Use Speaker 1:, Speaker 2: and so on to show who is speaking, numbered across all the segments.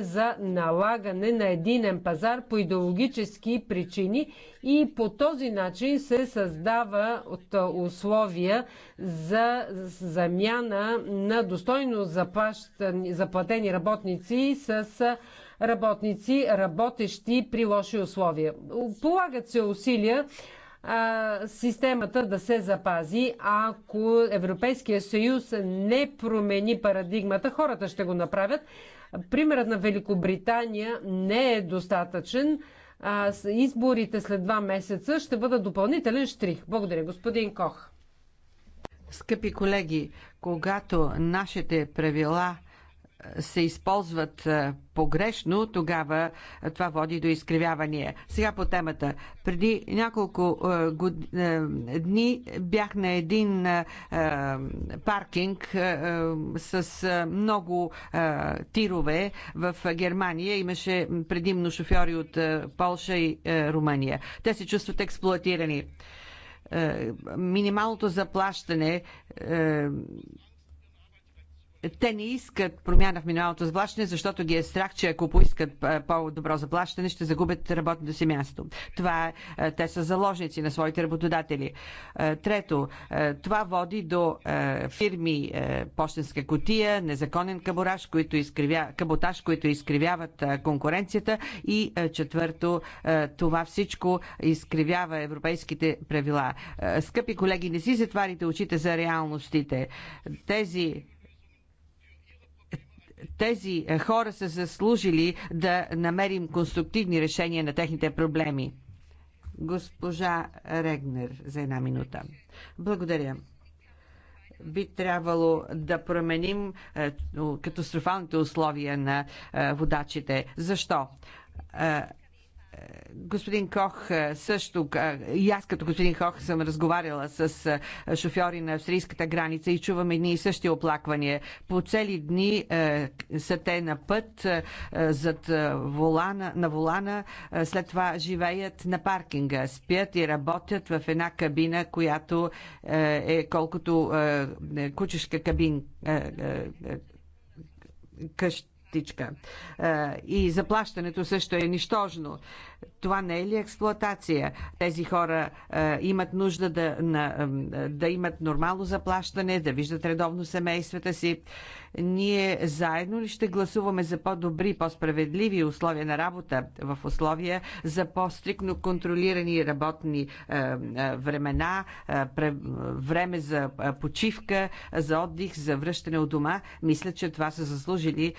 Speaker 1: за налагане на единен пазар по идеологически причини и по този начин се създава от условия за замяна на достойно заплатени работници с работници, работещи при лоши условия. Полагат се усилия системата да се запази. Ако Европейския съюз не промени парадигмата, хората ще го направят. Примерът на Великобритания не е достатъчен. А изборите след два месеца ще бъдат допълнителен штрих. Благодаря, господин Кох. Скъпи
Speaker 2: колеги, когато нашите правила се използват погрешно, тогава това води до изкривявания. Сега по темата. Преди няколко дни бях на един паркинг с много тирове в Германия. Имаше предимно шофьори от Полша и Румъния. Те се чувстват експлуатирани. Минималното заплащане те не искат промяна в минималното заплащане, защото ги е страх, че ако поискат по-добро заплащане, ще загубят работното си място. Това е, те са заложници на своите работодатели. Трето, това води до фирми почтенска котия, незаконен кабораж, които изкривя, каботаж, които изкривяват конкуренцията и четвърто, това всичко изкривява европейските правила. Скъпи колеги, не си затварите очите за реалностите. Тези тези е, хора са заслужили да намерим конструктивни решения на техните проблеми. Госпожа Регнер за една минута. Благодаря би трябвало да променим е, катастрофалните условия на е, водачите. Защо? господин Кох също, и аз като господин Кох съм разговаряла с шофьори на австрийската граница и чувам едни и същи оплаквания. По цели дни са те на път зад волана, на волана, след това живеят на паркинга, спят и работят в една кабина, която е колкото е, кучешка кабин къща птичка. И заплащането също е нищожно. Това не е ли експлоатация? Тези хора имат нужда да, да имат нормално заплащане, да виждат редовно семействата си. Ние заедно ли ще гласуваме за по-добри, по-справедливи условия на работа в условия за по-стрикно контролирани работни е, е, времена, е, време за почивка, за отдих, за връщане от дома? Мисля, че това са заслужили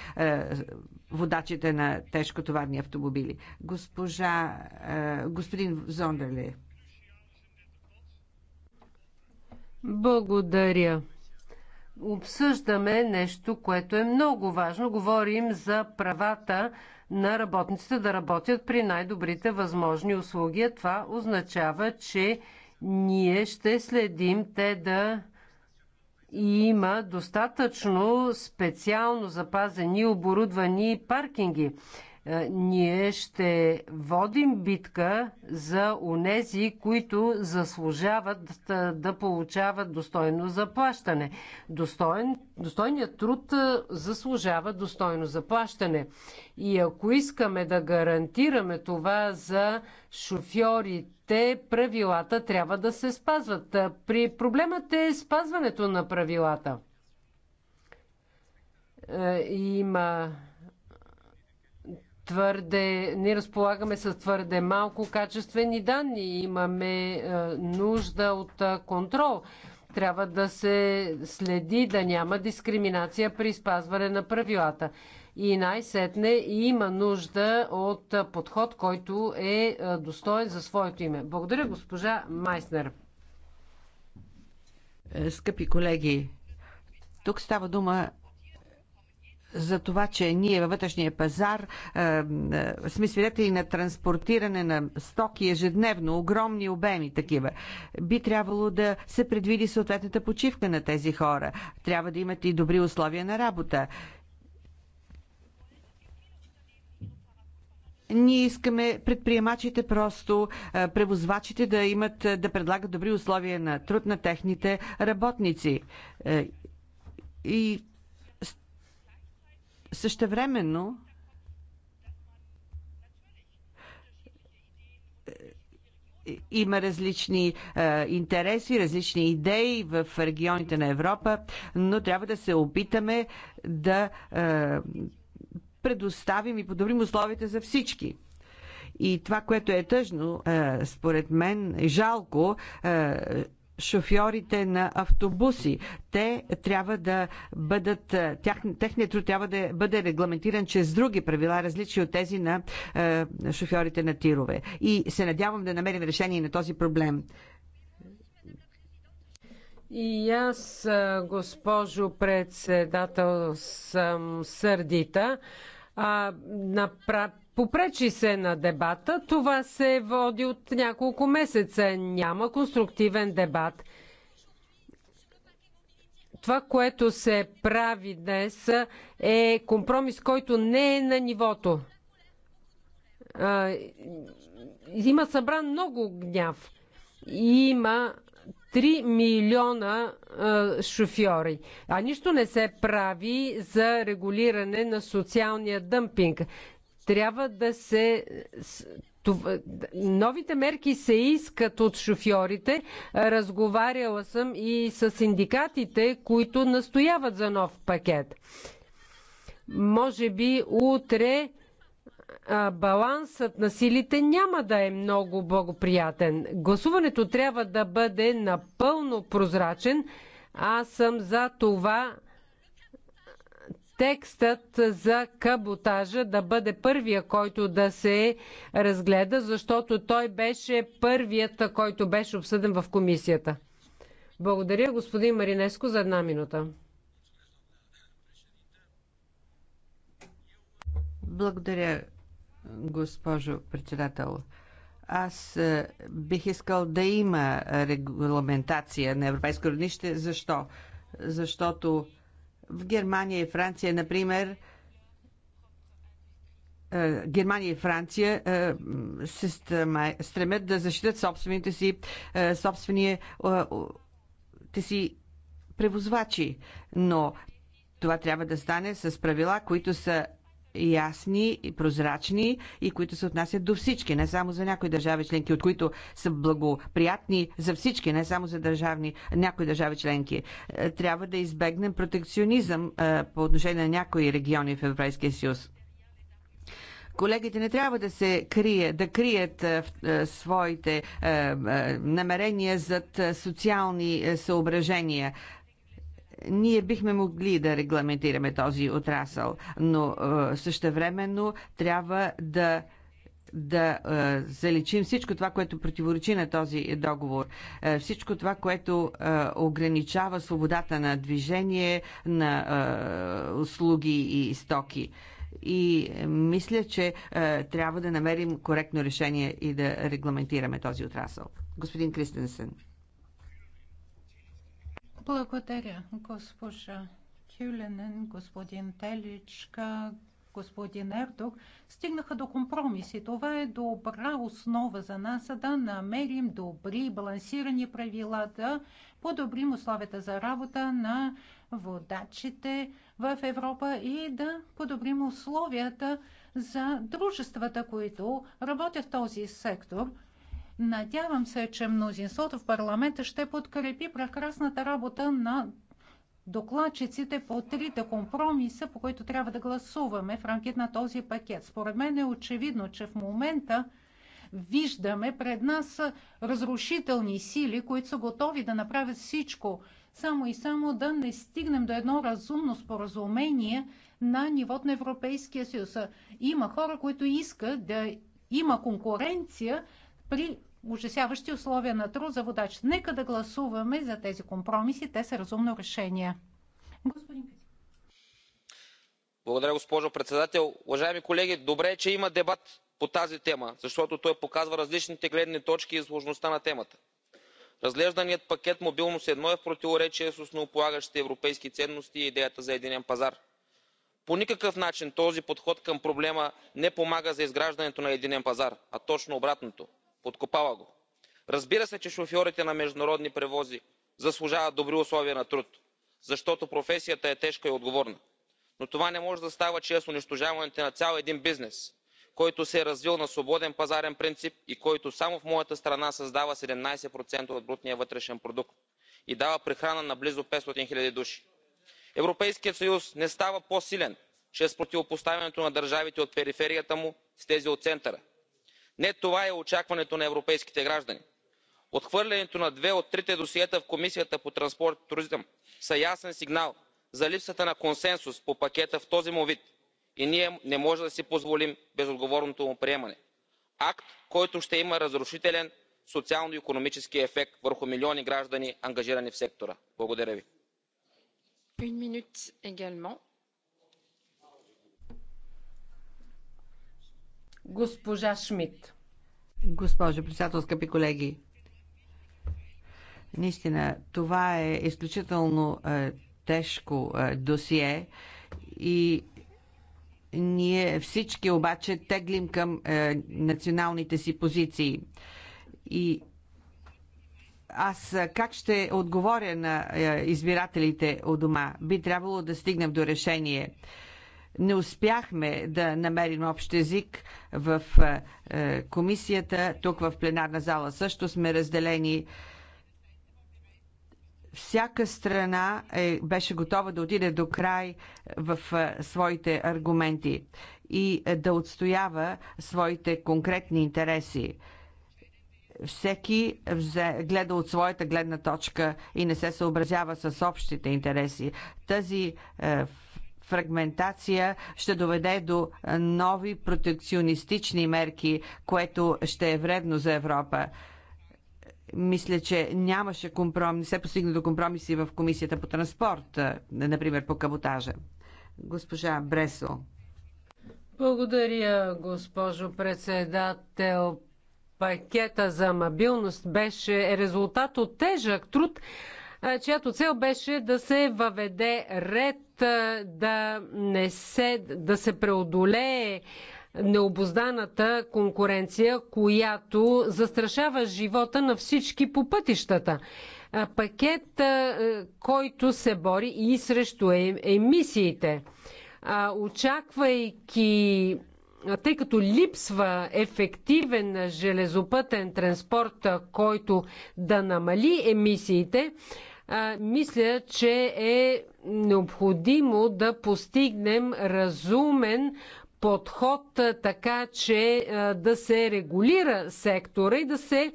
Speaker 2: водачите на тежкотоварни автомобили. Госпожа, господин Зондерле.
Speaker 1: Благодаря обсъждаме нещо, което е много важно. Говорим за правата на работниците да работят при най-добрите възможни услуги. Това означава, че ние ще следим те да има достатъчно специално запазени оборудвани паркинги. Е, ние ще водим битка за онези, които заслужават да получават достойно заплащане. Достоен, достойният труд е, заслужава достойно заплащане. И ако искаме да гарантираме това за шофьорите, правилата трябва да се спазват. Е, при проблемът е спазването на правилата. Има твърде, ние разполагаме с твърде малко качествени данни. Имаме е, нужда от е, контрол. Трябва да се следи да няма дискриминация при спазване на правилата. И най-сетне има нужда от е, подход, който е достоен за своето име. Благодаря, госпожа Майснер.
Speaker 2: Скъпи колеги, тук става дума за това, че ние във вътрешния пазар е, е, сме свидетели на транспортиране на стоки ежедневно, огромни обеми такива. Би трябвало да се предвиди съответната почивка на тези хора. Трябва да имат и добри условия на работа. Ние искаме предприемачите просто, е, превозвачите да имат, е, да предлагат добри условия на труд на техните работници. И Същевременно е, има различни е, интереси, различни идеи в регионите на Европа, но трябва да се опитаме да е, предоставим и подобрим условията за всички. И това, което е тъжно, е, според мен, е жалко, е, шофьорите на автобуси. Те трябва да бъдат, е, тях, техният труд трябва да бъде регламентиран чрез други правила, различни от тези на е, шофьорите на тирове. И се надявам да намерим решение на този проблем.
Speaker 1: И аз, е, госпожо председател, съм сърдита. А, напра... Попречи се на дебата. Това се води от няколко месеца. Няма конструктивен дебат. Това, което се прави днес, е компромис, който не е на нивото. Има събран много гняв. Има 3 милиона а, шофьори. А нищо не се прави за регулиране на социалния дъмпинг трябва да се. Новите мерки се искат от шофьорите. Разговаряла съм и с синдикатите, които настояват за нов пакет. Може би утре балансът на силите няма да е много благоприятен. Гласуването трябва да бъде напълно прозрачен. Аз съм за това текстът за каботажа да бъде първия, който да се разгледа, защото той беше първият, който беше обсъден в комисията. Благодаря, господин Маринеско, за една минута.
Speaker 2: Благодаря, госпожо председател. Аз е, бих искал да има регламентация на европейско равнище. Защо? Защото в Германия и Франция, например, е, Германия и Франция е, се стремят да защитят собствените си, е, собствения те си превозвачи, но това трябва да стане с правила, които са ясни и прозрачни и които се отнасят до всички, не само за някои държави членки, от които са благоприятни за всички, не само за държавни, някои държави членки. Е, трябва да избегнем протекционизъм е, по отношение на някои региони в Европейския съюз. Колегите не трябва да се крие, да крият е, своите намерения зад социални съображения ние бихме могли да регламентираме този отрасъл, но е, същевременно трябва да да е, заличим всичко това, което противоречи на този договор, е, всичко това, което е, ограничава свободата на движение, на е, услуги и стоки. И е, мисля, че е, трябва да намерим коректно решение и да регламентираме този отрасъл. Господин Кристенсен.
Speaker 3: Благодаря, госпожа Тюленен, господин Теличка, господин Ердог, стигнаха до компромиси. това е добра основа за нас да намерим добри, балансирани правила, да подобрим условията за работа на водачите в Европа и да подобрим условията за дружествата, които работят в този сектор – Надявам се, че мнозинството в парламента ще подкрепи прекрасната работа на докладчиците по трите компромиса, по които трябва да гласуваме в рамките на този пакет. Според мен е очевидно, че в момента виждаме пред нас разрушителни сили, които са готови да направят всичко, само и само да не стигнем до едно разумно споразумение на нивото на Европейския съюз. Има хора, които искат да има конкуренция при ужасяващи условия на труд за водач. Нека да гласуваме за тези компромиси. Те са разумно решение. Господин
Speaker 4: Благодаря, госпожо председател. Уважаеми колеги, добре е, че има дебат по тази тема, защото той показва различните гледни точки и сложността на темата. Разглежданият пакет Мобилност едно е в противоречие с основополагащите европейски ценности и идеята за единен пазар. По никакъв начин този подход към проблема не помага за изграждането на единен пазар, а точно обратното подкопава го. разбира се че шофьорите на международни превози заслужават добри условия на труд защото професията е тежка и отговорна но това не може да става чрез унищожаването на цял един бизнес който се е развил на свободен пазарен принцип и който само в моята страна създава седемнадесет от брутния вътрешен продукт и дава прехрана на близо петстотин хиляди души. европейският съюз не става по силен чрез противопоставянето на държавите от периферията му с тези от центъра не това е очакването на европейските граждани. отхвърлянето на две от трите досиета в комисията по транспорт и туризъм са ясен сигнал за липсата на консенсус по пакета в този му вид и ние не можем да си позволим безотговорното му приемане акт който ще има разрушителен социално икономически ефект върху милиони граждани ангажирани в сектора. благодаря ви.
Speaker 2: Госпожа Шмидт. Госпожо председател, скъпи колеги, наистина това е изключително е, тежко е, досие и ние всички обаче теглим към е, националните си позиции. И аз е, как ще отговоря на е, избирателите у дома? Би трябвало да стигнем до решение. Е, не успяхме да намерим общ език в е, е, комисията, тук в пленарна зала също сме разделени. Всяка страна е, беше готова да отиде до край в е, своите аргументи и е, да отстоява своите конкретни интереси. Всеки взе, гледа от своята гледна точка и не се съобразява с общите интереси. Тази е, фрагментация ще доведе до нови протекционистични мерки, което ще е вредно за Европа. Мисля, че нямаше компромис, се постигна до компромиси в Комисията по транспорт, например по каботажа. Госпожа Бресо.
Speaker 1: Благодаря, госпожо председател. Пакета за мобилност беше резултат от тежък труд, чиято цел беше да се въведе ред да, не се, да се преодолее необозданата конкуренция, която застрашава живота на всички по пътищата. Пакет, който се бори и срещу е, емисиите. Очаквайки тъй като липсва ефективен железопътен транспорт, който да намали емисиите, мисля, че е необходимо да постигнем разумен подход, така че да се регулира сектора и да се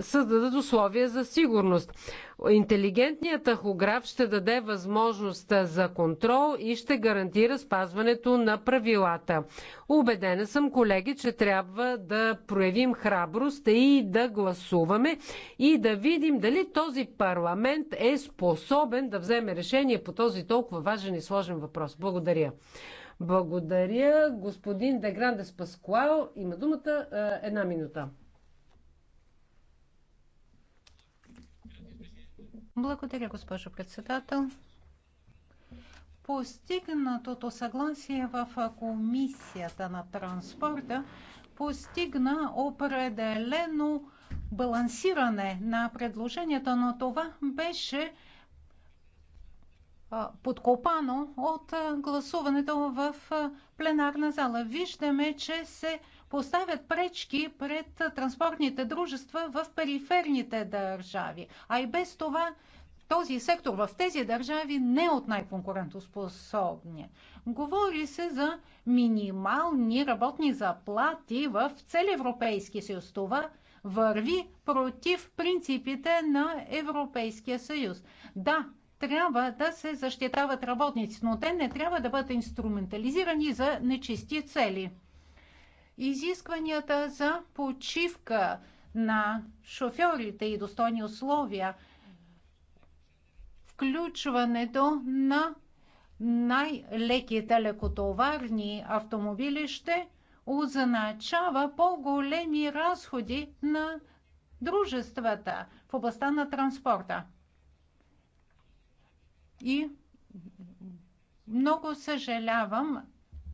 Speaker 1: създадат условия за сигурност. Интелигентният тахограф ще даде възможност за контрол и ще гарантира спазването на правилата. Убедена съм, колеги, че трябва да проявим храброст и да гласуваме и да видим дали този парламент е способен да вземе решение по този толкова важен и сложен въпрос. Благодаря. Благодаря. Господин Деграндес Паскуал има думата една минута. Благодаря, госпожо
Speaker 3: председател. Постигнатото съгласие в Комисията на транспорта постигна определено балансиране на предложенията, но това беше подкопано от гласуването в пленарна зала. Виждаме, че се поставят пречки пред транспортните дружества в периферните държави. А и без това този сектор в тези държави не е от най-конкурентоспособния. Говори се за минимални работни заплати в цели Европейски съюз. Това върви против принципите на Европейския съюз. Да, трябва да се защитават работници, но те не трябва да бъдат инструментализирани за нечисти цели изискванията за почивка на шофьорите и достойни условия, включването на най-леките лекотоварни автомобили ще означава по-големи разходи на дружествата в областта на транспорта. И много съжалявам,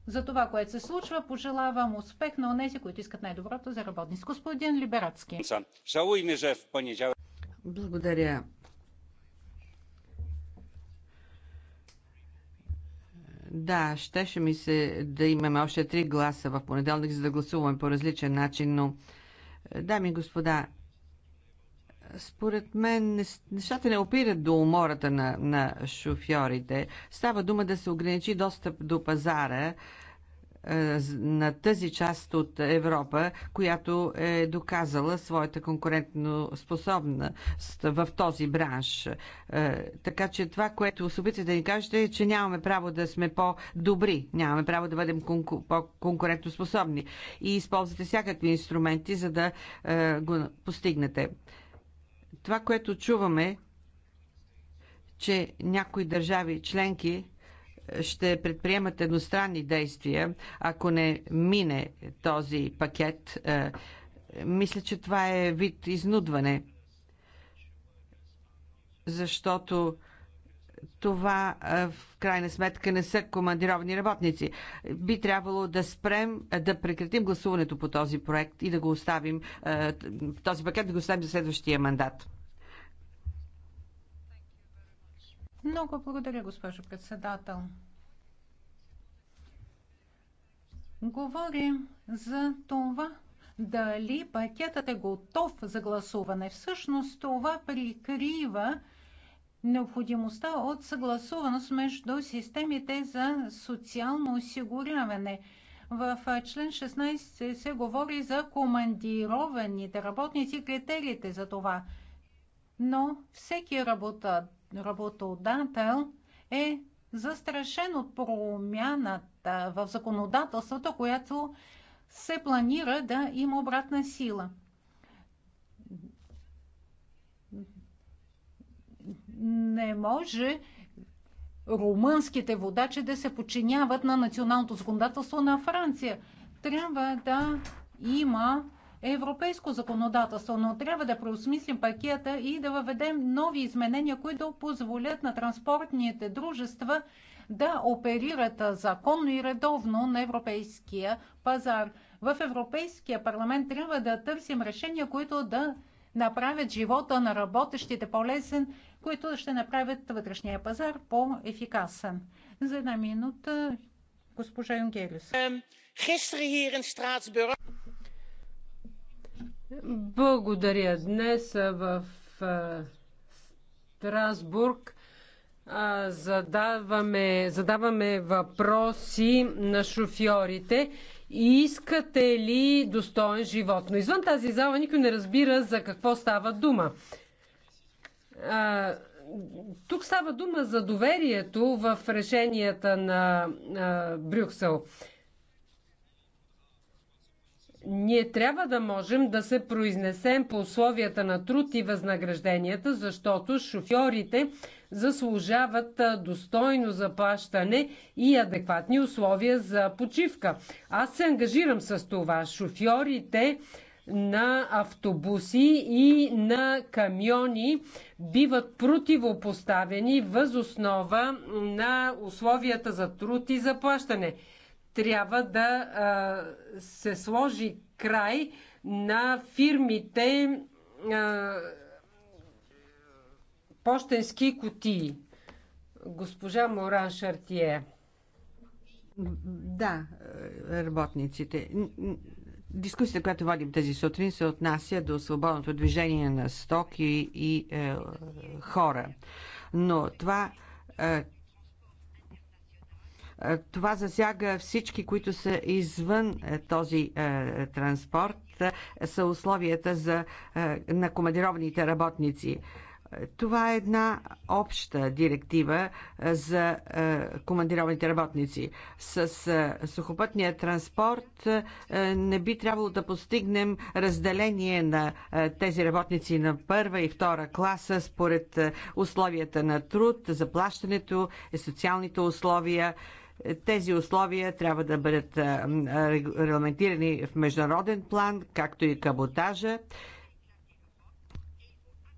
Speaker 3: за това, което се случва. Пожелавам успех на онези, които искат най-доброто за работници. Господин Либерацки.
Speaker 5: Благодаря.
Speaker 2: Да, щеше ми се да имаме още три гласа в понеделник, за да гласуваме по различен начин, но, дами и господа, според мен нещата не опират до умората на, на шофьорите. Става дума да се ограничи достъп до пазара е, на тази част от Европа, която е доказала своята конкурентно способност в този бранш. Е, така че това, което се да ни кажете е, че нямаме право да сме по-добри, нямаме право да бъдем конку... по-конкурентно способни и използвате всякакви инструменти, за да е, го постигнете. Това, което чуваме, че някои държави членки е, ще предприемат едностранни действия, ако не мине този пакет. Е, мисля, че това е вид изнудване, защото това е, в крайна сметка не са командировани работници. Би трябвало да спрем, да прекратим гласуването по този проект и да го оставим, този пакет да го оставим за следващия мандат.
Speaker 3: Много благодаря, госпожо председател. Говорим за това, дали пакетът е готов за гласуване. Всъщност това прикрива необходимостта от съгласуваност между системите за социално осигуряване. В член 16 се говори за командированите работници, критериите за това. Но всеки работодател работодател е застрашен от промяната в законодателството, която се планира да има обратна сила. Не може румънските водачи да се подчиняват на националното законодателство на Франция. Трябва да има европейско законодателство, но трябва да преосмислим пакета и да въведем нови изменения, които позволят на транспортните дружества да оперират законно и редовно на европейския пазар. В Европейския парламент трябва да търсим решения, които да направят живота на работещите по-лесен, които ще направят вътрешния пазар по-ефикасен. За една минута госпожа Юнгерис.
Speaker 1: Благодаря. Днес в Страсбург задаваме, задаваме въпроси на шофьорите. И искате ли достоен живот? Но извън тази зала никой не разбира за какво става дума. А, тук става дума за доверието в решенията на а, Брюксел. Ние трябва да можем да се произнесем по условията на труд и възнагражденията, защото шофьорите заслужават достойно заплащане и адекватни условия за почивка. Аз се ангажирам с това. Шофьорите на автобуси и на камиони биват противопоставени въз основа на условията за труд и заплащане трябва да се сложи край на фирмите пощенски кутии. Госпожа Моран Шартие. Да,
Speaker 2: работниците. Дискусията, която водим тази сутрин, се отнася до свободното движение на стоки и е, хора. Но това е, е, това засяга всички, които са извън е, този е, транспорт, са условията за, на командированите работници. Това е една обща директива за командированите работници. С сухопътния транспорт не би трябвало да постигнем разделение на тези работници на първа и втора класа според условията на труд, заплащането, социалните условия тези условия трябва да бъдат регламентирани в международен план, както и каботажа.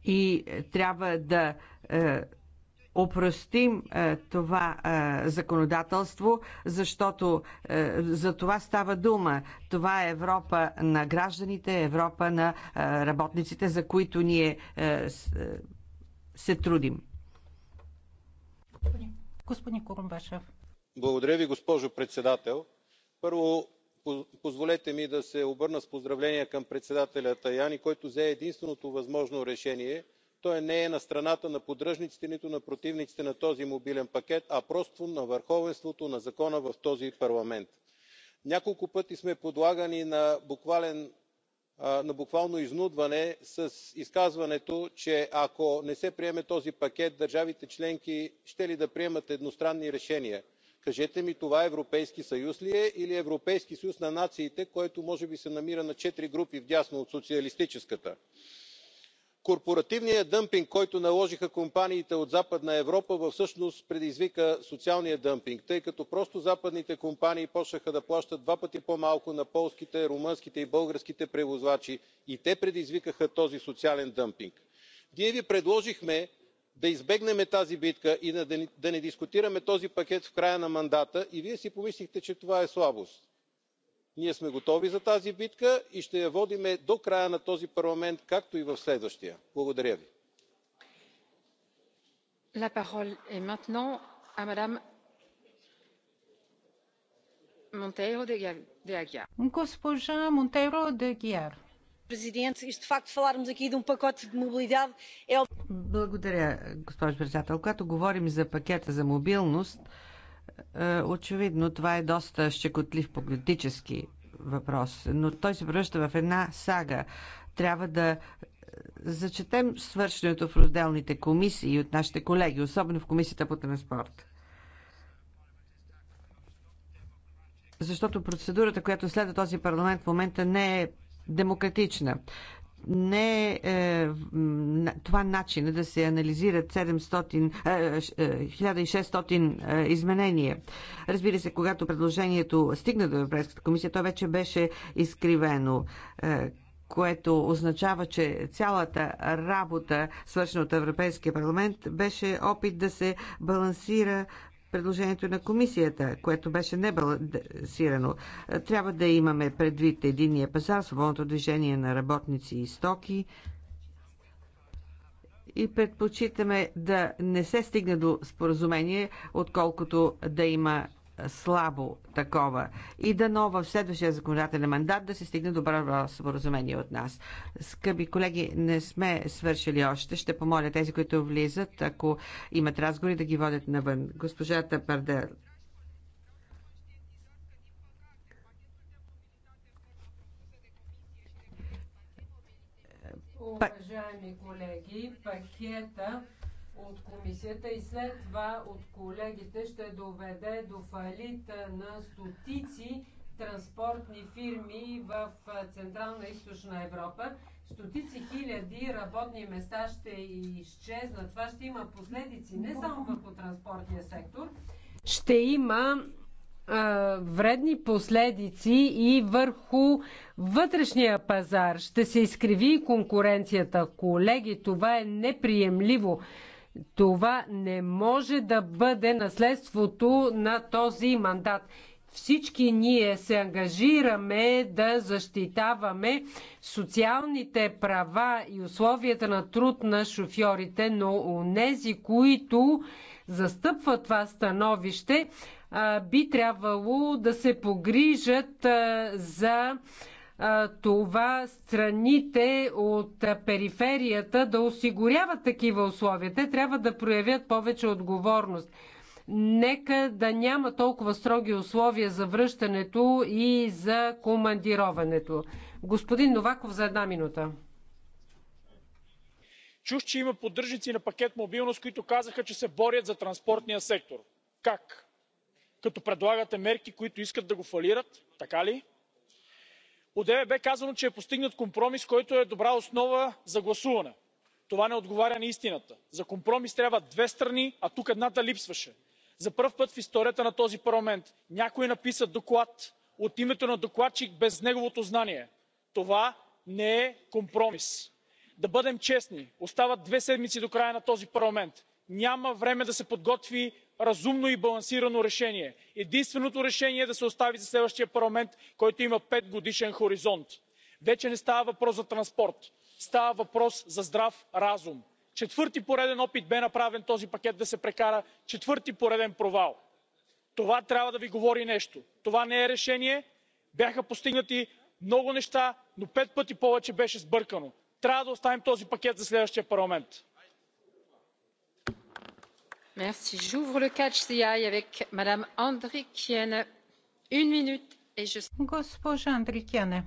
Speaker 2: И трябва да опростим това законодателство, защото за това става дума. Това е Европа на гражданите, Европа на работниците, за които ние се трудим.
Speaker 3: Господин, Курумбашев
Speaker 5: госпожо председател. първо позволете ми да се обърна с поздравления към председателя таяни който взе единственото възможно решение. той не е на страната на поддръжниците нито на противниците на този мобилен пакет а просто на върховенството на закона в този парламент. няколко пъти сме подлагани на буквално изнудване с изказването че ако не се приеме този пакет държавите членки щели да приемат едностранни решения кажете ми това европейски съюз ли е или европейски съюз на нациите който може би се намира на четири групи вдясно от социалистическата? корпоративният дъмпинг който наложиха компаниите от западна европа всъщност предизвика социалния дъмпинг тъй като просто западните компании започнаха да плащат два пъти по малко на полските румънските и българските превозвачи и те предизвикаха този социален дъмпинг. ние ви предложихме да избегнем тази битка и да не дискутираме този пакет в края на мандата и вие си помислихте че това е слабост. ние сме готови за тази битка и ще я водим до края на този парламент както и в следващия. благодаря ви.
Speaker 3: де Um Благодаря, госпожо председател. Когато
Speaker 2: говорим за пакета за мобилност, е, очевидно това е доста щекотлив политически въпрос, но той се превръща в една сага. Трябва да е, зачетем свършенето в разделните комисии от нашите колеги, особено в комисията по транспорт. Защото процедурата, която следва този парламент в момента не е демократична. Не е, това начин да се анализират 700, 1600 е, е, е, изменения. Разбира се, когато предложението стигна до Европейската комисия, то вече беше изкривено което означава, че цялата работа, свършена от Европейския парламент, беше опит да се балансира предложението на комисията, което беше небалансирано. Трябва да имаме предвид единия пазар, свободното движение на работници и стоки и предпочитаме да не се стигне до споразумение, отколкото да има слабо такова. И дано в следващия законодателен мандат да се стигне добро споразумение от нас. Скъпи колеги, не сме свършили още. Ще помоля тези, които влизат, ако имат разговори, да ги водят навън. Госпожата Пардел.
Speaker 1: Уважаеми колеги, пакета от комисията и след това от колегите ще доведе до фалита на стотици транспортни фирми в Централна и Източна Европа. Стотици хиляди работни места ще изчезнат. Това ще има последици не само върху транспортния сектор. Ще има вредни последици и върху вътрешния пазар. Ще се изкриви конкуренцията. Колеги, това е неприемливо. Това не може да бъде наследството на този мандат. Всички ние се ангажираме да защитаваме социалните права и условията на труд на шофьорите, но у нези, които застъпват това становище, би трябвало да се погрижат за това страните от периферията да осигуряват такива условия. Те трябва да проявят повече отговорност. Нека да няма толкова строги условия за връщането и за командироването. Господин Новаков за една минута.
Speaker 6: Чух, че има поддръжници на пакет мобилност, които казаха, че се борят за транспортния сектор. Как? Като предлагате мерки, които искат да го фалират, така ли? одеве бе казано че е постигнат компромис който е добра основа за гласуване. това не отговаря на истината. за компромис трябват две страни а тук едната липсваше. за пръв път в историята на този парламент някой написа доклад от името на докладчик без неговото знание. това не е компромис. да бъдем честни остават две седмици до края на този парламент. няма време да се подготви разумно и балансирано решение. единственото решение е да се остави за следващия парламент който има петгодишен хоризонт. вече не става въпрос за транспорт става въпрос за здрав разум. четвърти пореден опит бе направен този пакет да се прекара четвърти пореден провал. това трябва да ви говори нещо. това не е решение. бяха постигнати много неща но пет пъти повече беше сбъркано. трябва да оставим този пакет за следващия парламент.
Speaker 3: Госпожа Андрикяне.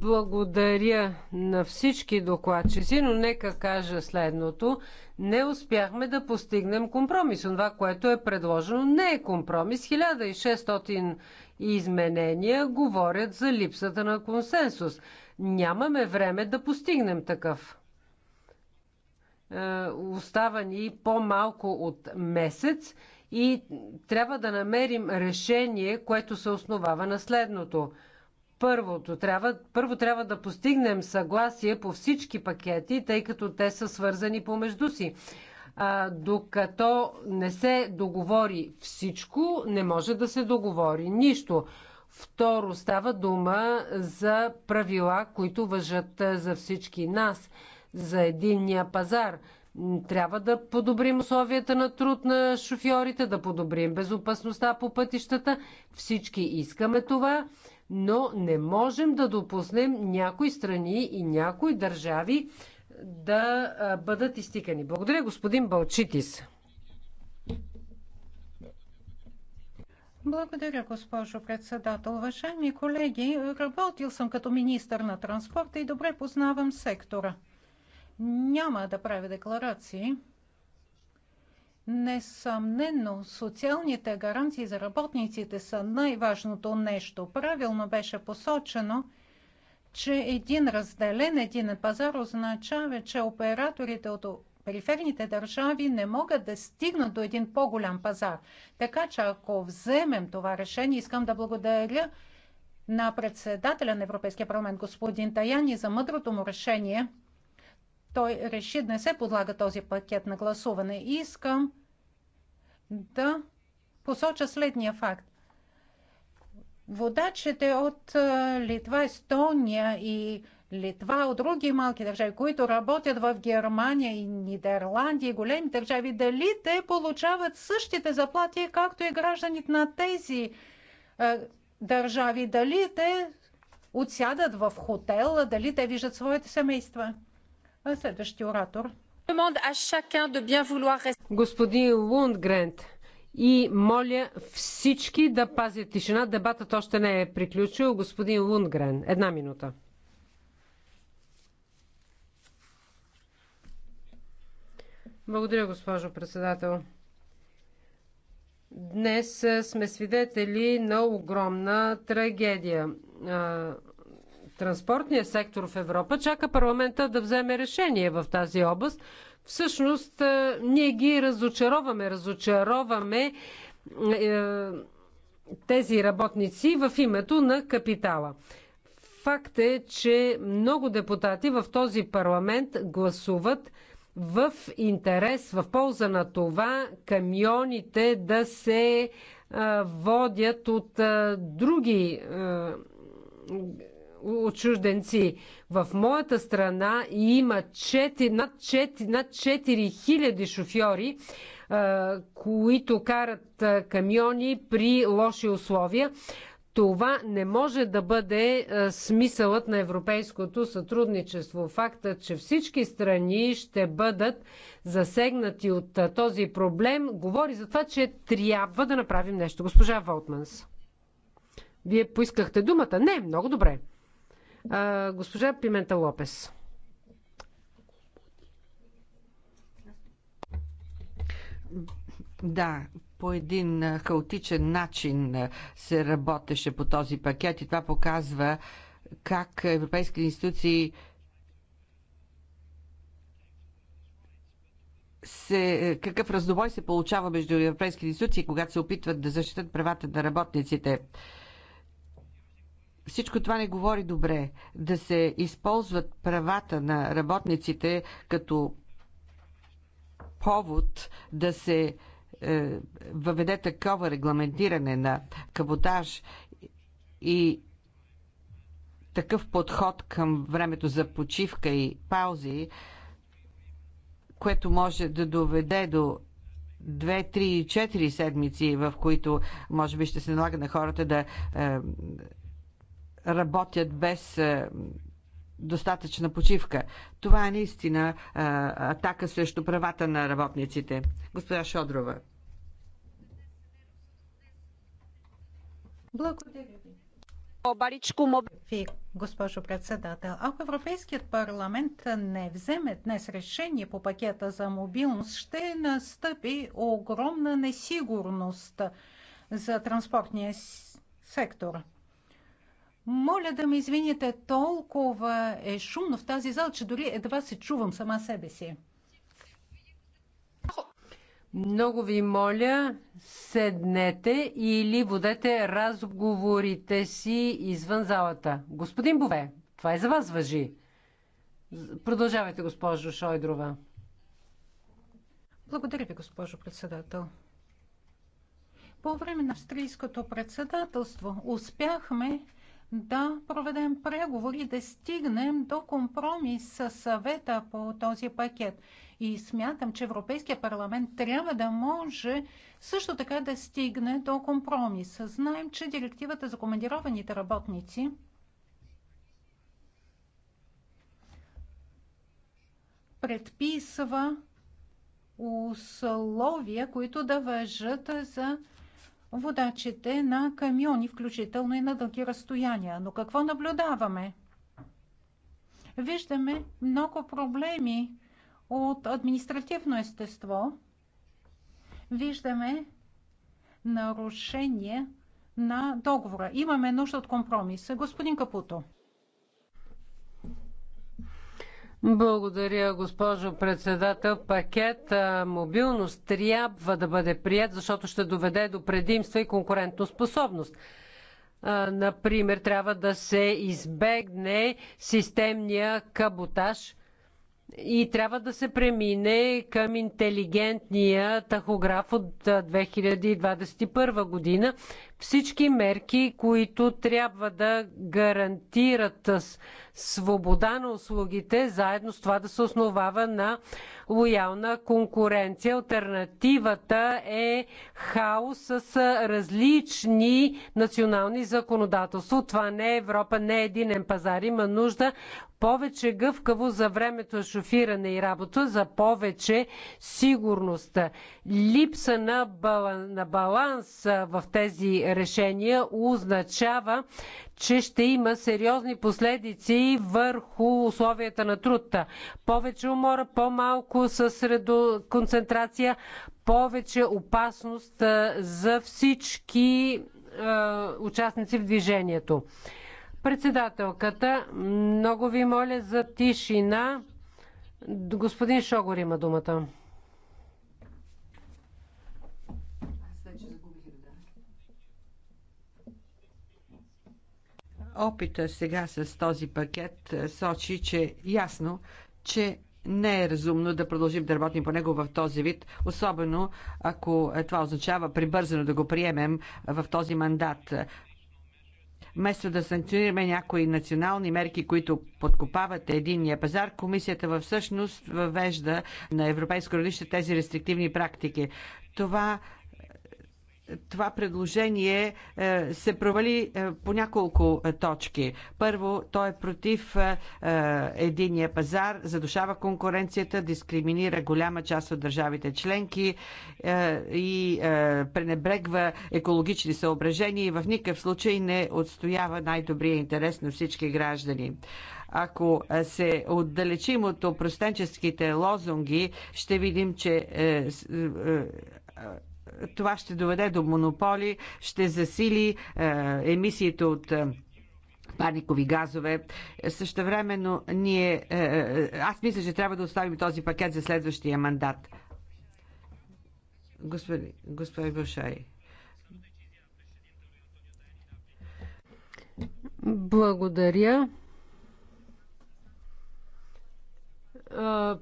Speaker 1: Благодаря на всички докладчици, но нека кажа следното. Не успяхме да постигнем компромис. Това, което е предложено, не е компромис. 1600 изменения говорят за липсата на консенсус. Нямаме време да постигнем такъв. Е, остава ни по-малко от месец и трябва да намерим решение, което се основава на следното. Първото, трябва, първо трябва да постигнем съгласие по всички пакети, тъй като те са свързани помежду си. А, докато не се договори всичко, не може да се договори нищо. Второ, става дума за правила, които въжат е, за всички нас, за единния пазар. Трябва да подобрим условията на труд на шофьорите, да подобрим безопасността по пътищата. Всички искаме това, но не можем да допуснем някои страни и някои държави да е, бъдат изтикани. Благодаря, господин Балчитис. Благодаря, госпожо
Speaker 3: председател. Уважаеми колеги, работил съм като министър на транспорта и добре познавам сектора. Няма да правя декларации. Несъмнено, социалните гаранции за работниците са най-важното нещо. Правилно беше посочено, че един разделен един пазар означава, че операторите от периферните държави не могат да стигнат до един по-голям пазар. Така че ако вземем това решение, искам да благодаря на председателя на Европейския парламент господин Таяни за мъдрото му решение. Той реши да не се подлага този пакет на гласуване. И искам да посоча следния факт. Водачите от Литва, Естония и Литва, от други малки държави, които работят в Германия и Нидерландия и големи държави, дали те получават същите заплати, както и гражданите на тези е, държави, дали те отсядат в хотел, дали те виждат своите
Speaker 1: семейства. Следващи оратор. Господин Лундгрент, и моля всички да пазят тишина. Дебатът още не е приключил. Господин Лундгрен, една минута. Благодаря, госпожо председател. Днес сме свидетели на огромна трагедия. Транспортният сектор в Европа чака парламента да вземе решение в тази област. Всъщност, ние ги разочароваме. Разочароваме тези работници в името на капитала. Факт е, че много депутати в този парламент гласуват в интерес, в полза на това камионите да се водят от други от чужденци. В моята страна има 4, над, 4, над 4000 шофьори, които карат камиони при лоши условия. Това не може да бъде е, смисълът на европейското сътрудничество. Фактът, че всички страни ще бъдат засегнати от е, този проблем, говори за това, че трябва да направим нещо. Госпожа Волтманс, вие поискахте думата? Не, много добре. А, е, госпожа Пимента Лопес.
Speaker 2: Да, по един хаотичен начин се работеше по този пакет и това показва как европейски институции се, какъв раздобой се получава между европейски институции, когато се опитват да защитат правата на работниците. Всичко това не говори добре. Да се използват правата на работниците като повод да се е, въведе такова регламентиране на каботаж и такъв подход към времето за почивка и паузи, което може да доведе до 2, 3 4 седмици, в които може би ще се налага на хората да е, работят без е, достатъчна почивка. Това е наистина атака срещу правата на работниците. Госпожа Шодрова.
Speaker 3: Благодаря ви. Ви, госпожо председател, ако Европейският парламент не вземе днес решение по пакета за мобилност, ще настъпи огромна несигурност за транспортния сектор. Моля да ме извините, толкова е шумно в тази зала, че дори едва се чувам сама себе си.
Speaker 1: Много ви моля, седнете или водете разговорите си извън залата. Господин Бове, това и за вас въжи. Продължавайте, госпожо Шойдрова. Благодаря ви,
Speaker 3: госпожо председател. По време на австрийското председателство успяхме да проведем преговори, да стигнем до компромис с съвета по този пакет. И смятам, че Европейския парламент трябва да може също така да стигне до компромис. Знаем, че директивата за командированите работници предписва условия, които да въжат за водачите на камиони, включително и на дълги разстояния. Но какво наблюдаваме? Виждаме много проблеми от административно естество. Виждаме нарушение на договора. Имаме нужда от компромиса, Господин Капуто.
Speaker 1: Благодаря, госпожо председател. Пакет мобилност трябва да бъде прият, защото ще доведе до предимства и конкурентоспособност. Например, трябва да се избегне системния каботаж и трябва да се премине към интелигентния тахограф от 2021 година всички мерки, които трябва да гарантират свобода на услугите, заедно с това да се основава на лоялна конкуренция. Альтернативата е хаос с различни национални законодателства. Това не е Европа, не е единен пазар. Има нужда повече гъвкаво за времето на шофиране и работа, за повече сигурност. Липса на, баланс, на баланс в тези решения означава, че ще има сериозни последици върху условията на труд. Повече умора, по-малко съсредо средоконцентрация, повече опасност за всички е, участници в движението. Председателката, много ви моля за тишина. Господин Шогор има думата.
Speaker 2: Опита сега с този пакет сочи, че ясно, че не е разумно да продължим да работим по него в този вид, особено ако е това означава прибързано да го приемем в този мандат. Вместо да санкционираме някои национални мерки, които подкопават единния пазар, комисията във всъщност въвежда на европейско родище тези рестриктивни практики. Това това предложение е, се провали е, по няколко е, точки. Първо, той е против единия пазар, задушава конкуренцията, дискриминира голяма част от държавите членки и пренебрегва екологични съображения и в никакъв случай не отстоява най-добрия интерес на всички граждани ако се отдалечим от опростенческите лозунги, ще видим, че това ще доведе до монополи, ще засили е, емисиите от е, парникови газове. Същевременно ние... Е, аз мисля, че трябва да оставим този пакет за следващия мандат. Господи, господин Бушай.
Speaker 1: Благодаря. Е,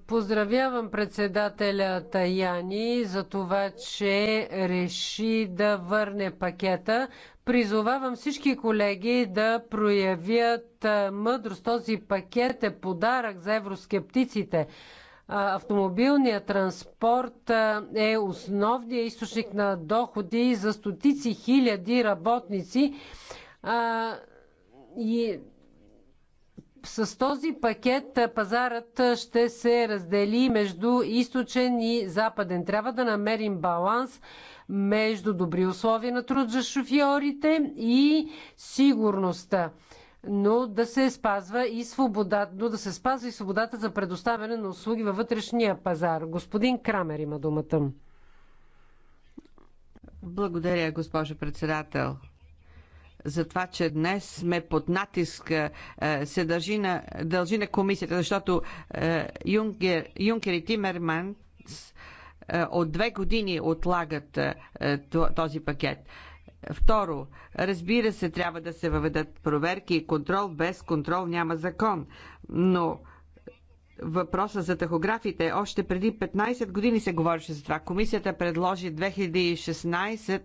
Speaker 1: поздравявам председателя Таяни за това, че реши да върне пакета. Призовавам всички колеги да проявят е, мъдрост. Този пакет е подарък за евроскептиците. Е, автомобилният транспорт е основният източник на доходи за стотици хиляди работници. И с този пакет пазарът ще се раздели между източен и западен. Трябва да намерим баланс между добри условия на труд за шофьорите и сигурността но да се спазва и свобода, но да се спазва и свободата за предоставяне на услуги във вътрешния пазар. Господин Крамер има думата. Благодаря, госпожо председател
Speaker 2: за това, че днес сме под натиск, е, се дължи на, дължи на комисията, защото е, Юнкер, Юнкер и Тимерман е, от две години отлагат този пакет. Второ, разбира се, трябва да се въведат проверки и контрол. Без контрол няма закон. Но въпроса за тахографите. Още преди 15 години се говореше за това. Комисията предложи 2016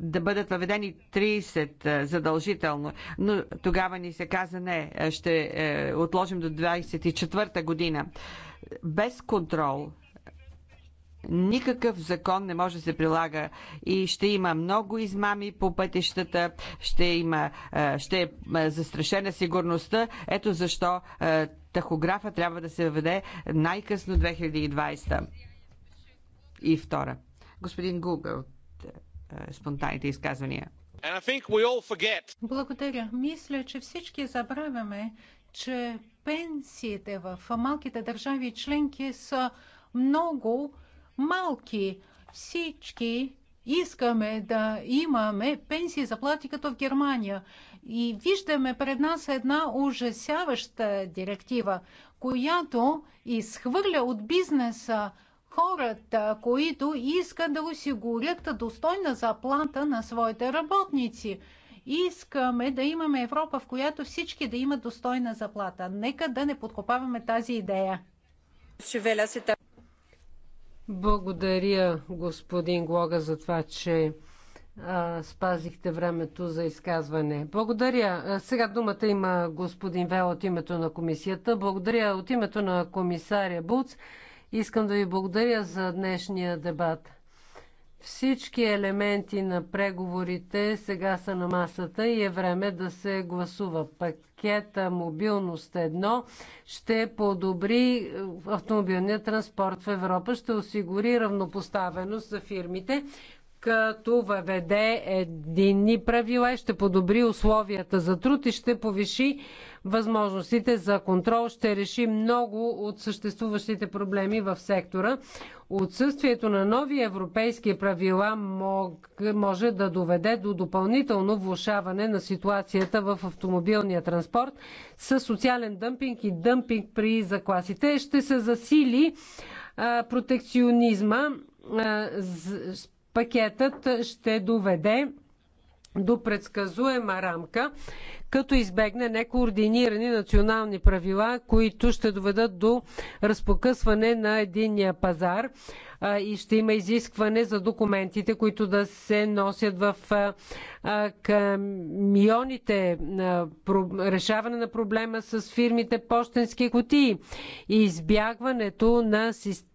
Speaker 2: да бъдат въведени 30 е, задължително, но тогава ни се каза не, е, ще е, отложим до 24 година. Без контрол никакъв закон не може да се прилага и ще има много измами по пътищата, ще, има, ще е застрашена сигурността. Ето защо тахографа трябва да се въведе най-късно 2020. И втора. Господин Гугъл, е, спонтанните изказвания.
Speaker 5: And I think we all forget.
Speaker 3: Благодаря. Мисля, че всички забравяме, че пенсиите в малките държави и членки са много малки. Всички искаме да имаме пенсии и заплати като в Германия. И виждаме пред нас една ужасяваща директива, която изхвърля от бизнеса хората, които искат да осигурят достойна заплата на своите работници. Искаме да имаме Европа, в която всички да имат достойна заплата. Нека да не подкопаваме тази идея.
Speaker 1: Благодаря, господин Глога, за това, че спазихте времето за изказване. Благодаря. Сега думата има господин Вел от името на комисията. Благодаря от името на комисаря Буц. Искам да ви благодаря за днешния дебат. Всички елементи на преговорите сега са на масата и е време да се гласува. Пакета Мобилност 1 ще подобри автомобилния транспорт в Европа, ще осигури равнопоставеност за фирмите, като въведе единни правила и ще подобри условията за труд и ще повиши възможностите за контрол, ще реши много от съществуващите проблеми в сектора. Отсъствието на нови европейски правила може да доведе до допълнително влушаване на ситуацията в автомобилния транспорт с социален дъмпинг и дъмпинг при закласите. Ще се засили протекционизма Пакетът ще доведе до предсказуема рамка, като избегне некоординирани национални правила, които ще доведат до разпокъсване на единния пазар и ще има изискване за документите, които да се носят в камионите, решаване на проблема с фирмите почтенски кутии и избягването на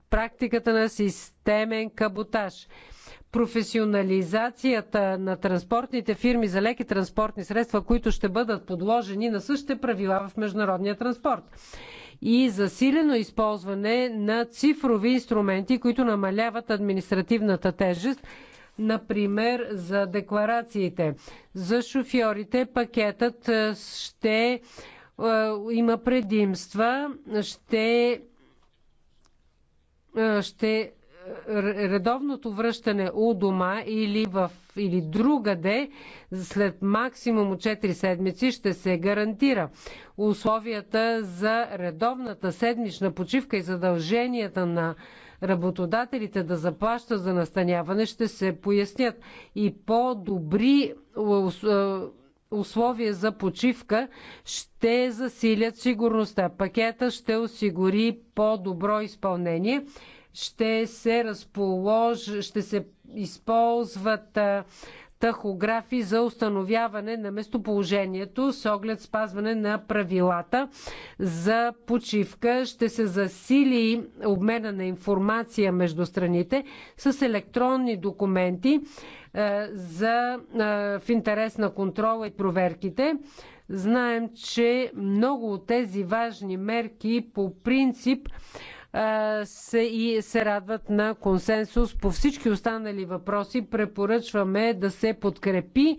Speaker 1: практиката на системен каботаж професионализацията на транспортните фирми за леки транспортни средства, които ще бъдат подложени на същите правила в международния транспорт и засилено използване на цифрови инструменти, които намаляват административната тежест, например за декларациите. За шофьорите пакетът е, ще е, има предимства, ще, е, ще редовното връщане у дома или, в, или другаде след максимум от 4 седмици ще се гарантира. Условията за редовната седмична почивка и задълженията на работодателите да заплащат за настаняване ще се пояснят и по-добри е, условия за почивка ще засилят сигурността. Пакета ще осигури по-добро изпълнение ще се разположи, ще се използват тахографи за установяване на местоположението с оглед спазване на правилата за почивка. Ще се засили обмена на информация между страните с електронни документи за, в интерес на контрола и проверките. Знаем, че много от тези важни мерки по принцип се и се радват на консенсус по всички останали въпроси. Препоръчваме да се подкрепи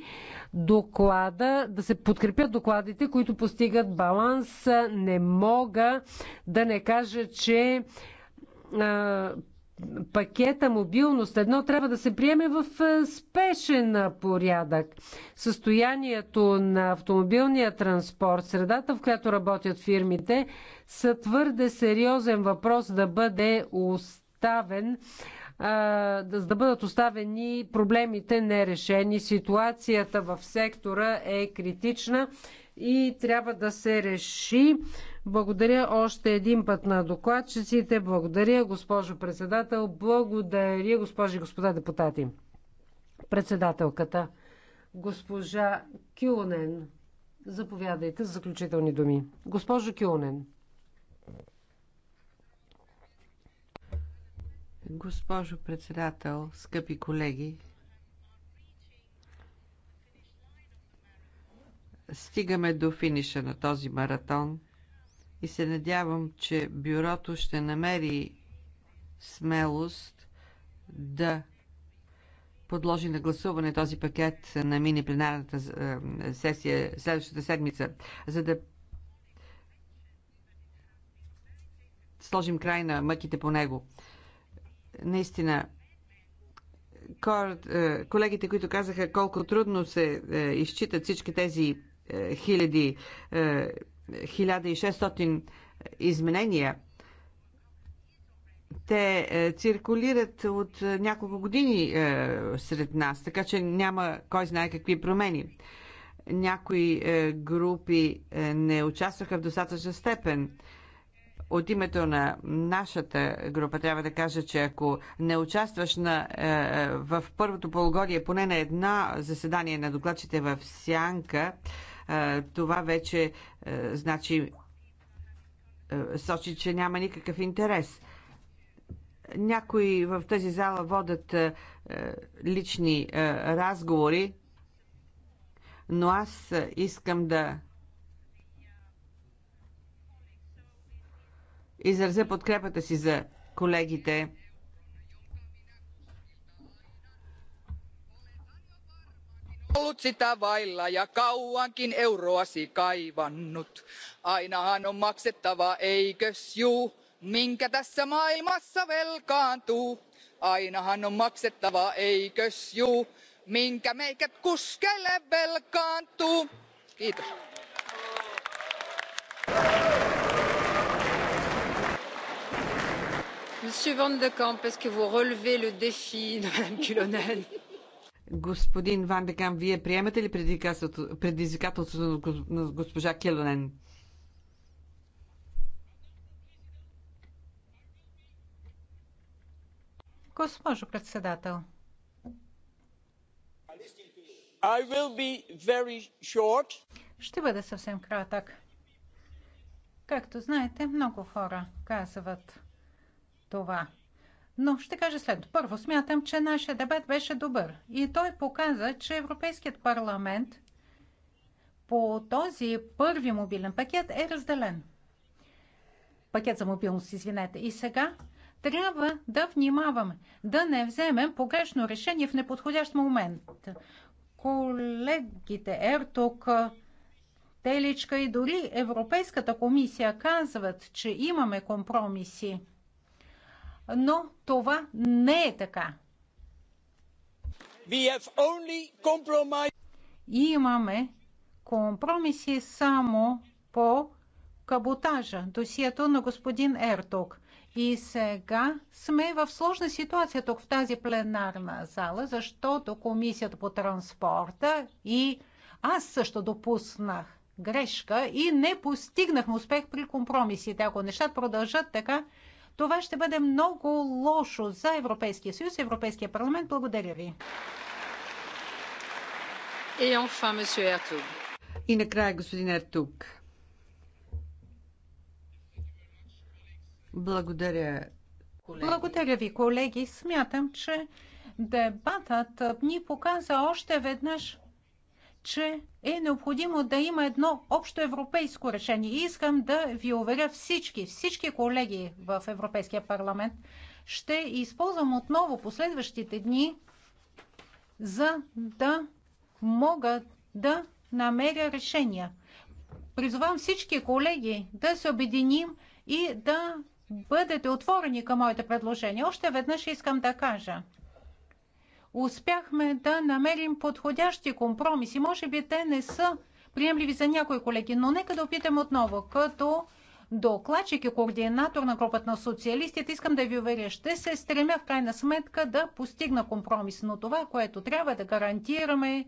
Speaker 1: доклада, да се подкрепят докладите, които постигат баланс. Не мога да не кажа, че пакета мобилност едно трябва да се приеме в е, спешен порядък. Състоянието на автомобилния транспорт, средата в която работят фирмите, са твърде сериозен въпрос да бъде оставен да бъдат оставени проблемите нерешени. Ситуацията в сектора е критична и трябва да се реши благодаря още един път на докладчиците. Благодаря, госпожо председател. Благодаря, госпожи и господа депутати. Председателката, госпожа Кюнен, заповядайте за заключителни думи. Госпожо Кюнен. Госпожо председател,
Speaker 2: скъпи колеги, стигаме до финиша на този маратон – и се надявам, че бюрото ще намери смелост да подложи на гласуване този пакет на мини пленарната е, сесия следващата седмица, за да сложим край на мъките по него. Наистина, е, колегите, които казаха колко трудно се е, изчитат всички тези хиляди 1600 изменения. Те е, циркулират от е, няколко години е, сред нас, така че няма кой знае какви промени. Някои групи не участваха в достатъчна степен от името на нашата група трябва да кажа, че ако не участваш на, в първото полугодие поне на една заседание на докладчите в Сянка, това вече е, значи е, сочи, че няма никакъв интерес. Някои в тази зала водят е, лични разговори, но аз искам да изразя подкрепата си за колегите,
Speaker 4: ollut sitä vailla ja kauankin
Speaker 2: euroasi kaivannut. Ainahan on maksettava, eikös juu, minkä tässä maailmassa velkaantuu. Ainahan on maksettava, eikös juu, minkä meikät kuskeille velkaantuu.
Speaker 3: Kiitos. Monsieur Van de Camp, est-ce que vous relevez le défi de Kyllönen?
Speaker 2: Господин Ван Декам, вие приемате ли предизвикателството на госпожа Келонен?
Speaker 3: Госпожо председател,
Speaker 6: I will be very short.
Speaker 3: Ще бъда съвсем кратък. Както знаете, много хора казват това. Но ще кажа следното. Първо, смятам, че нашия дебат беше добър. И той показа, че Европейският парламент по този първи мобилен пакет е разделен. Пакет за мобилност, извинете. И сега трябва да внимаваме, да не вземем погрешно решение в неподходящ момент. Колегите Ертук, Теличка и дори Европейската комисия казват, че имаме компромиси – но това не е така. Имаме компромиси само по каботажа, досието на господин Ерток. И сега сме в сложна ситуация тук в тази пленарна зала, защото Комисията по транспорта и аз също допуснах грешка и не постигнахме успех при компромисите. Ако нещата продължат така, това ще бъде много лошо за Европейския съюз и Европейския парламент. Благодаря ви.
Speaker 1: И, enfin,
Speaker 2: и накрая, господин Ертук.
Speaker 3: Благодаря. Колеги. Благодаря ви, колеги. Смятам, че дебатът ни показа още веднъж че е необходимо да има едно общо европейско решение. И искам да ви уверя всички, всички колеги в Европейския парламент, ще използвам отново последващите дни, за да мога да намеря решения. Призовам всички колеги да се обединим и да бъдете отворени към моите предложения. Още веднъж искам да кажа – успяхме да намерим подходящи компромиси. Може би те не са приемливи за някои колеги, но нека да опитам отново. Като докладчик и координатор на групата на социалистите, искам да ви уверя, ще се стремя в крайна сметка да постигна компромис. Но това, което трябва да гарантираме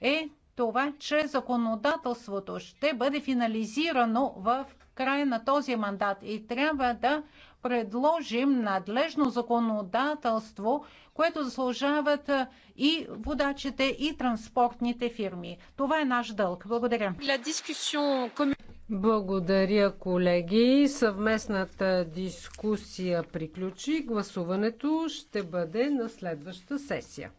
Speaker 3: е това, че законодателството ще бъде финализирано в края на този мандат и трябва да предложим надлежно законодателство, което заслужават и водачите, и транспортните фирми. Това е наш дълг.
Speaker 1: Благодаря. Благодаря, колеги. Съвместната дискусия приключи. Гласуването ще бъде на следваща сесия.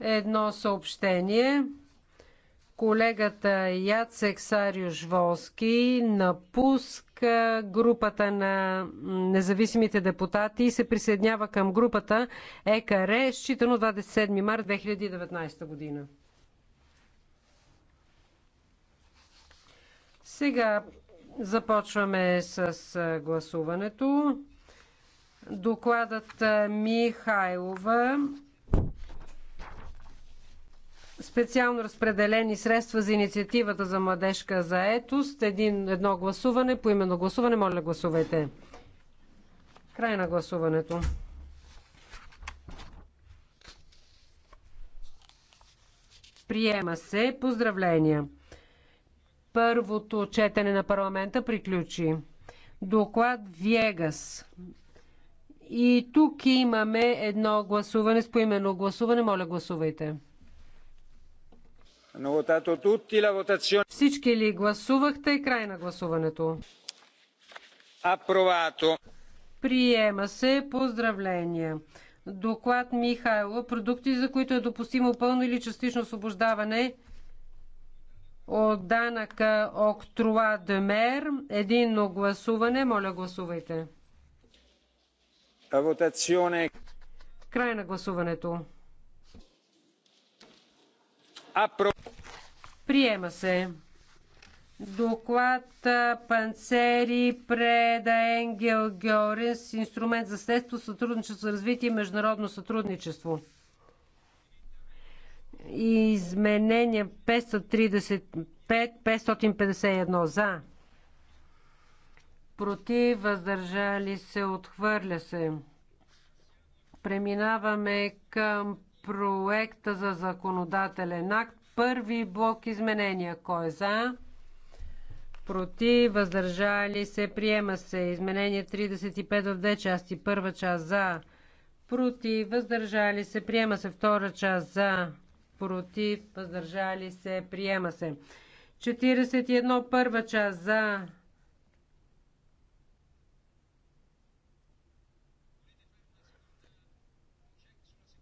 Speaker 1: Едно съобщение. Колегата Яцек Сариуш Волски напуска групата на независимите депутати и се присъединява към групата ЕКР, считано 27 март 2019 година. Сега започваме с гласуването. Докладът Михайлова специално разпределени средства за инициативата за младежка заетост. Един, едно гласуване, по именно гласуване. Моля, гласувайте. Край на гласуването. Приема се. Поздравления. Първото четене на парламента приключи. Доклад Вегас. И тук имаме едно гласуване с поименно гласуване. Моля, гласувайте. Всички ли гласувахте? Край на гласуването.
Speaker 4: Апровато.
Speaker 1: Приема се. Поздравления. Доклад Михайло. Продукти, за които е допустимо пълно или частично освобождаване от данъка Октруа Демер. Единно гласуване. Моля, гласувайте. Край на гласуването. Приема се. Доклад Панцери Преда Енгел Георес, инструмент за следство, сътрудничество, развитие и международно сътрудничество. Изменение 535, 551 за против, въздържали се, отхвърля се. Преминаваме към проекта за законодателен акт. Първи блок изменения. Кой е за? Против, въздържали се, приема се. Изменение 35 в две части. Първа част за. Против, въздържали се, приема се. Втора част за. Против, въздържали се, приема се. 41 първа част за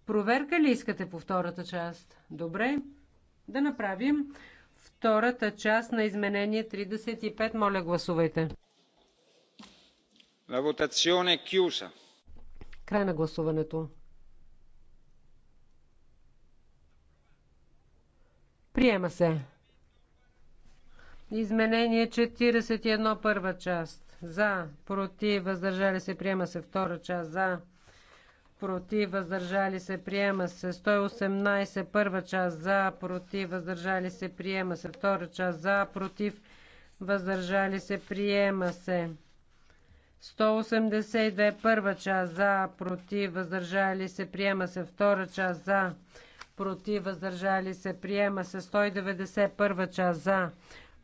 Speaker 1: Проверка ли искате по втората част? Добре. Да направим втората част на изменение 35. Моля, гласувайте.
Speaker 4: La votazione è chiusa.
Speaker 1: Край на гласуването. Приема се. Изменение 41 първа част. За, против, въздържали се, приема се втора част. За, против, въздържали се, приема се. 118, първа част за, против, въздържали се, приема се. Втора част за, против, въздържали се, приема се. 182, първа част за, против, въздържали се, приема се. Втора част за, против, въздържали се, приема се. 190, първа част за,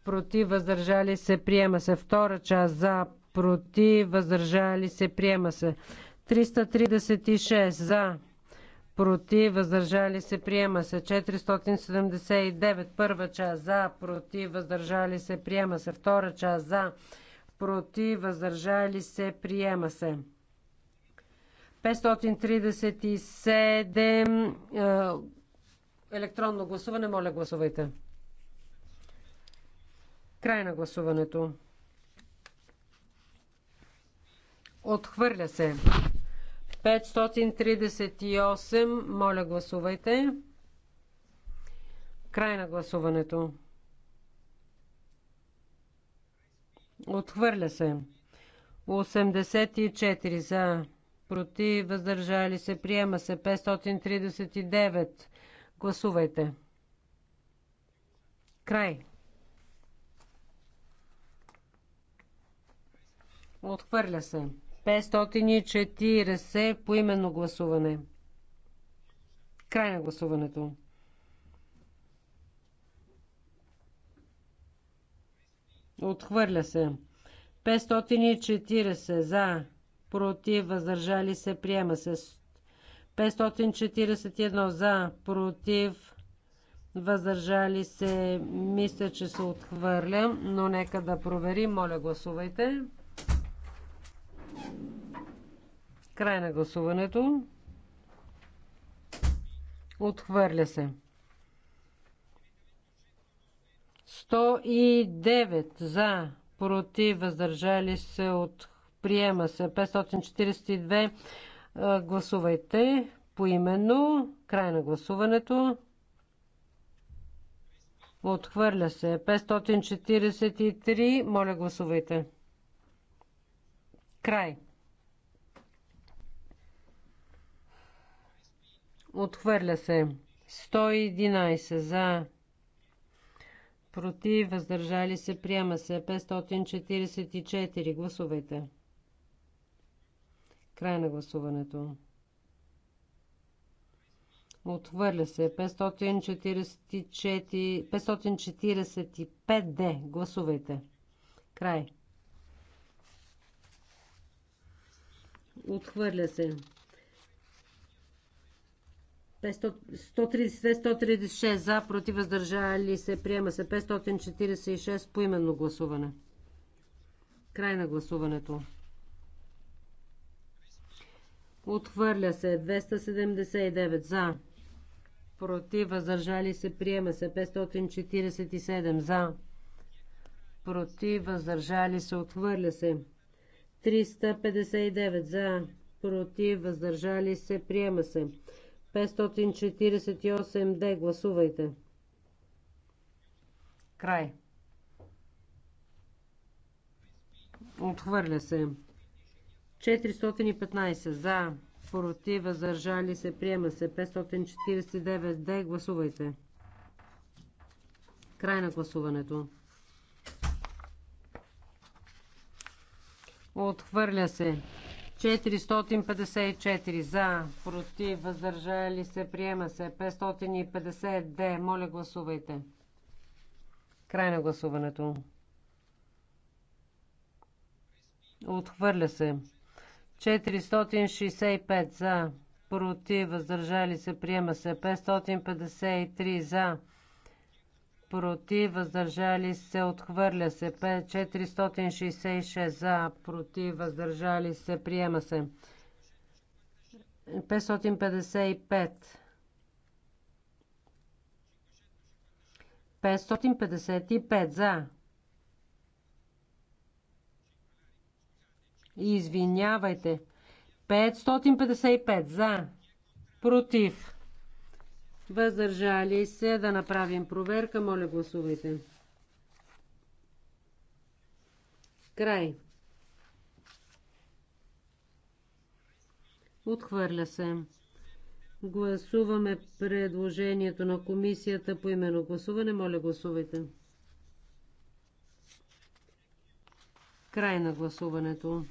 Speaker 1: против, въздържали се, приема се. Втора част за, против, въздържали се, приема се. 336 за, против, въздържали се, приема се. 479 първа част за, против, въздържали се, приема се. Втора част за, против, въздържали се, приема се. 537 електронно гласуване. Моля, гласувайте. Край на гласуването. Отхвърля се. 538. Моля, гласувайте. Край на гласуването. Отхвърля се. 84 за. Против. Въздържали се. Приема се. 539. Гласувайте. Край. Отхвърля се. 540 по именно гласуване. Край на гласуването. Отхвърля се. 540 за, против, въздържали се, приема се. 541 за, против, въздържали се, мисля, че се отхвърля, но нека да проверим. Моля, гласувайте. Край на гласуването. Отхвърля се. 109 за, против, въздържали се от приема се 542. Гласувайте поименно. Край на гласуването. Отхвърля се 543. Моля гласувайте. Край. Отхвърля се. 111 за. Против. Въздържали се. Приема се. 544. Гласувайте. Край на гласуването. Отхвърля се. 544... 545D. Гласувайте. Край. Отхвърля се. 136 за, против въздържали се, приема се 546 по именно гласуване. Край на гласуването. Отхвърля се 279 за, против въздържали се, приема се 547 за, против въздържали се, отхвърля се 359 за, против въздържали се, приема се 548D. Гласувайте. Край. Отхвърля се. 415 за, против, въздържали се, приема се. 549 Д. Гласувайте. Край на гласуването. Отхвърля се. 454 за, против, въздържали се, приема се. 550 Д. Моля, гласувайте. Край на гласуването. Отхвърля се. 465 за, против, въздържали се, приема се. 553 за, против, въздържали се, отхвърля се. 466 за, против, въздържали се, приема се. 555. 555 за. Извинявайте. 555 за. Против въздържали се да направим проверка. Моля, гласувайте. Край. Отхвърля се. Гласуваме предложението на комисията по именно гласуване. Моля, гласувайте. Край на гласуването.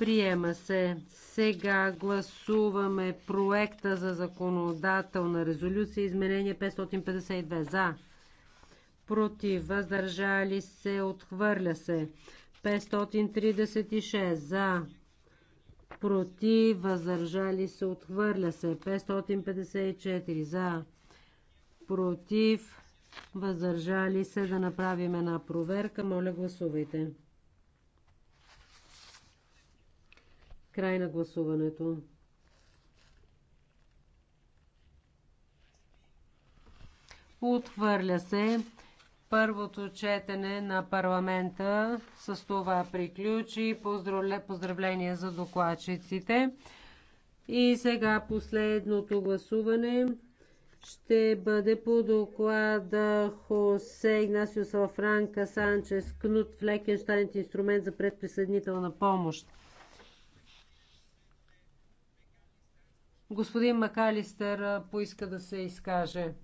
Speaker 1: Приема се. Сега гласуваме проекта за законодателна резолюция. Изменение 552. За. Против. Въздържали се. Отхвърля се. 536. За. Против. Въздържали се. Отхвърля се. 554. За. Против. Въздържали се. Да направим една проверка. Моля, гласувайте. Край на гласуването. Отвърля се. Първото четене на парламента с това приключи. Поздравления за докладчиците. И сега последното гласуване ще бъде по доклада Хосе Игнасио Салфранка Санчес Кнут Флекенштайн инструмент за предприсъединителна помощ. Господин Макалистър поиска да се изкаже.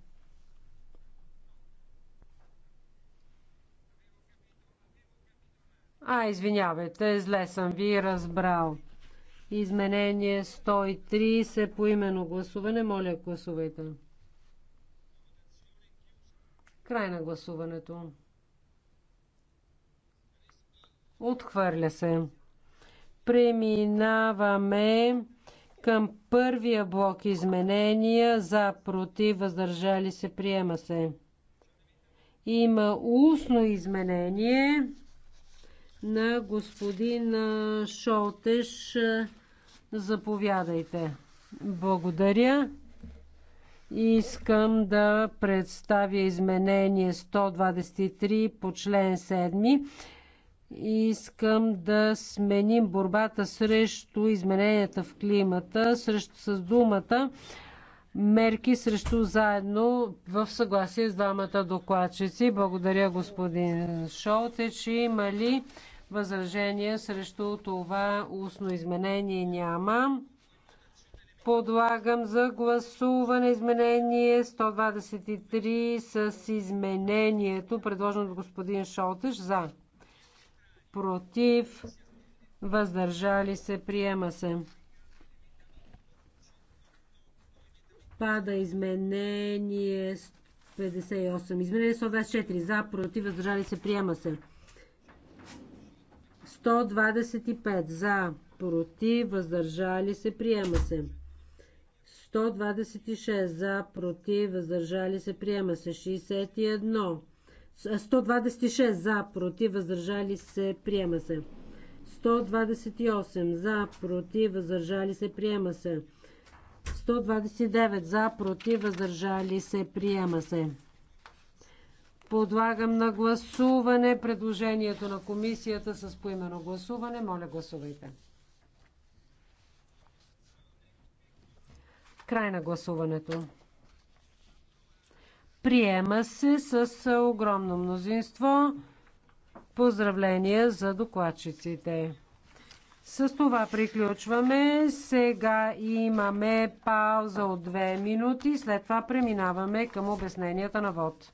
Speaker 1: А, извинявайте, зле съм ви разбрал. Изменение 130 по именно гласуване. Моля, гласувайте. Край на гласуването. Отхвърля се. Преминаваме към първия блок изменения за против въздържали се приема се. Има устно изменение на господин Шолтеш. Заповядайте. Благодаря. Искам да представя изменение 123 по член 7 Искам да сменим борбата срещу измененията в климата срещу, с думата мерки срещу заедно в съгласие с двамата докладчици. Благодаря господин Шолтеч. Има ли възражение срещу това устно изменение? Няма. Подлагам за гласуване изменение 123 с изменението, предложено от господин Шолтеш за против, въздържали се, приема се. Пада изменение 58. Изменение 124. За, против, въздържали се, приема се. 125. За, против, въздържали се, приема се. 126. За, против, въздържали се, приема се. 61. 126 за, против, въздържали се, приема се. 128 за, против, въздържали се, приема се. 129 за, против, въздържали се, приема се. Подлагам на гласуване предложението на комисията с поименно гласуване. Моля, гласувайте. Край на гласуването. Приема се с огромно мнозинство. Поздравления за докладчиците. С това приключваме. Сега имаме пауза от две минути. След това преминаваме към обясненията на ВОД.